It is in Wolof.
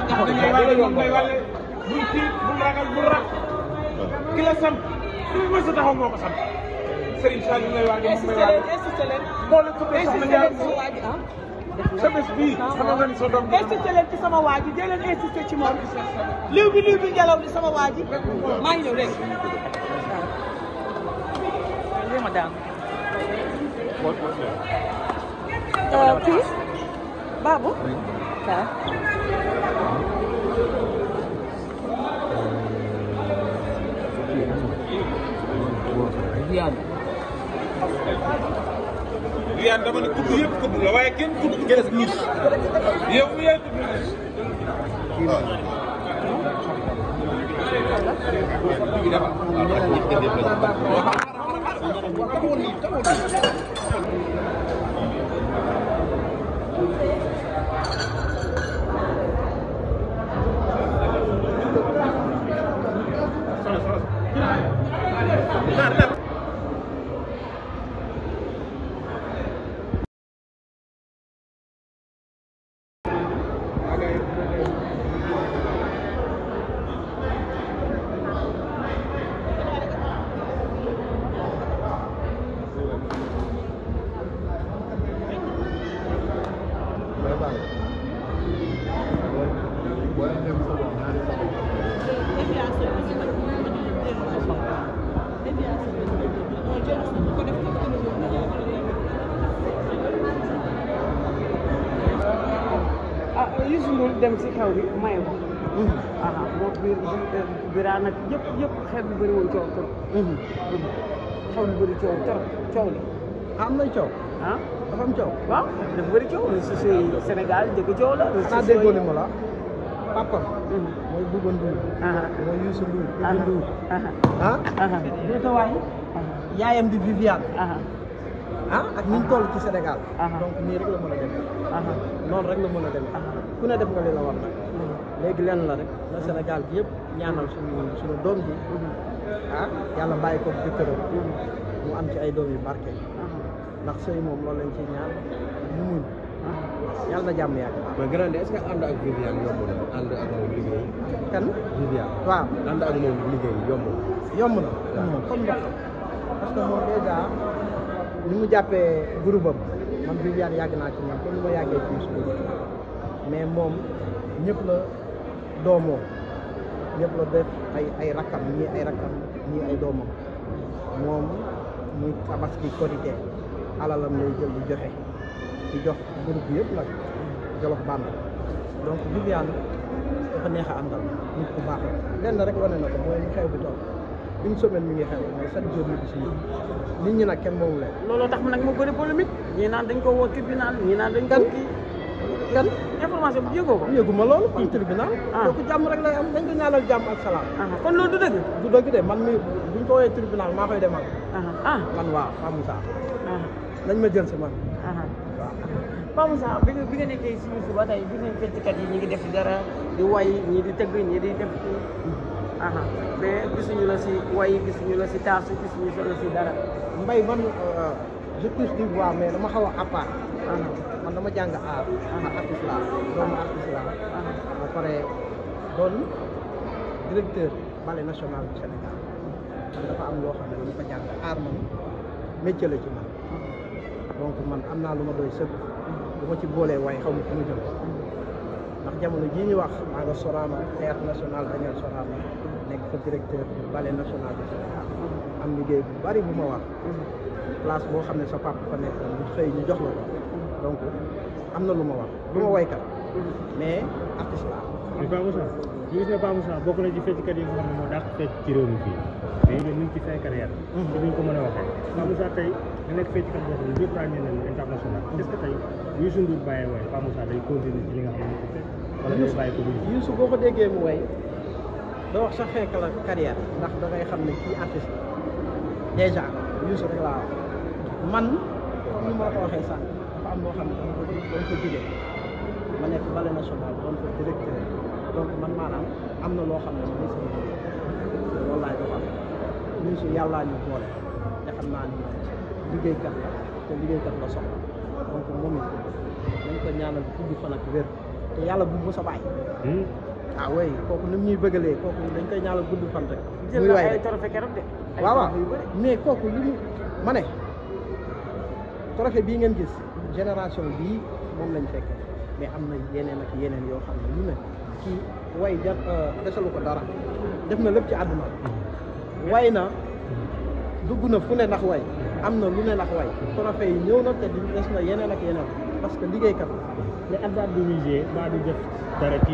bul tiit bul ragal bul rab ki la sant fi mu mës a taxaw moo ko sant Serigne Saliou lay waaj moom lay waaj moo la tuddee soxna Ndiaye sa bés bii sama nga ni sa doom insisté leen ci sama waa ji dee leen insisté ci moom liw bi liw bi ngelaw li sama waa ji maa ngi ñëw rek ma daan kii Babou Okay. Viande. Viande dama ne kudd yëpp kudd la waaye kenn kudd kees luus. yow mu yaay kudd luus. kii Youssou Ndour dem si xew bi maye ko. waaw moom biir biiraan eh, ak yëpp yëpp xew bi bëri mhm. xew bi bëri coow trop coow li. am na coow. ah dafa am coow. waaw dafa bëri coow réseaux la. réseaux sociaux yi déggoo ne ma la papa. Mhm. mooy Bouba Ndour. mooy Youssou Ndour. Bouba Ndour. ah. di ah ak ni mu toll ci Sénégal. donc nii la mën a demee. noonu rek la mën a demee. ku ne def nga li la war nag. léegi leen la rek na Sénégal bi yëpp ñaanal suñu suñu doom bi ah, yàlla bàyyi ko jëkkëram mu am ci ay doom yu barke ndax sëy moom loolu lañ ci ñaan ñu yàlla jàmm yàgg mais grande est-ce que ànd ak Viviane yomb na liggéey kan liggéey yomb na yomb na parce que moom déjà ni mu jàppee groupe am man Viviane naa ci moom comme ni ma yàggee ci suñu mais moom ñëpp la doomoo ñëpp la def ay ay rakkam ñii ay rakkam ñii ay doomam moom muy tabaski korité alalam lay jël di joxe di jox groupe yëpp nag jolof bàmb donc Viviane dafa neex a àndal nit ku baax la lenn rek wane na ko mooy ñu xew bi toog une semaine mi ngi xew mooy chaque jour ñu gis nit ñi nag kenn moomu leen. looloo tax mu nag mu bëri polémique ñii naan dañ ko woo tribunal ñii naan dañ ko kii kan bi yëgoo ko. yëgu ma loolu kon hmm. tribunal. donc ah. jàmm rek lay am dañ ko ñaanal jàmm ak salaam. Ah, kon loolu du dëgg. du dëgg de man mi buñ ko woowee tribunal maa koy demal. ah, ah. man waaw Pa Moussa. nañ ma jël si man. waaw Pa bi nga bi nga nekkee si ba tey bi yi ñu ngi def dara di way ñii di tëgg ñii di def. mais gisuñu la si way gisuñu la si taasu gisuñu la si dara. mbay man euh, je touche du bois mais dama xaw a à part. man dama jàng aar. ma artiste pare doon directeur ballet national du Sénégal. man dafa am loo xam ne dama jàng aar man métier la ci man. donc man am naa lu ma doy sëb. bu ma ci boolee waaye xaw ma fi mu jëm. ndax jamono jii ñu wax maa nga Sorano théâtre national Daniel Sorano nekk fa directeur du ballet national du Sénégal am liggéey bu bari bu ma wax place boo xam ne sa papa fa nekk ñu xëy jox la ko donc am na lu ma wax lu ma woykat mm-hmm. mais artiste laa ñu gis ne Pape Moussa bokk na ci fecckat yi nga xam ne moo dàq fecc ci réew mi fii mais ñu ngi ci fin carrière ci mhm. ñu ko mën a waxee Pape Moussa tey da nekk fecckat boo xam ne ñëpp ràññee nañu international mhm. est-ce que tey Youssou Ndour bàyyi way Pape Moussa day continuer ci li nga xam ne ko fekk wala day bàyyi ko Youssou boo ko déggee mu way da wax sax fin carrière ndax da ngay xam ne kii artiste déjà Youssou rek laa wax man comme ni ma la ko waxee sax dafa am boo xam ne doon ko jigee ma nekk ballet national doon ko directeur donc man maanaam am na loo xam ne moom sama loolu laay doxal ñun su yàllaa ñu boole te xam naa ni liggéeykat la te liggéeykat la soxla donc moom it dañ ko ñaanal tudd fan ak wér te yàlla bu mu sa bàyyi. Hmm? ah oui kooku nu mu ñuy bëggalee kooku dañ koy ñaanal gudd fan rek. muy waay rek jël waaw waaw mais kooku li mu ma ne bii ngeen gis génération bii moom lañ fekk mais am na yeneen ak yeneen yoo xam ne lu ne. ci way ja euh, desalu ko dara def na lépp ci àdduna way na dugg na fu ne ndax way am na lu ne ndax way trophée yi ñëw na te di des na yeneen ak yeneen parce que liggéey la mais ab daal du musée maa du def dara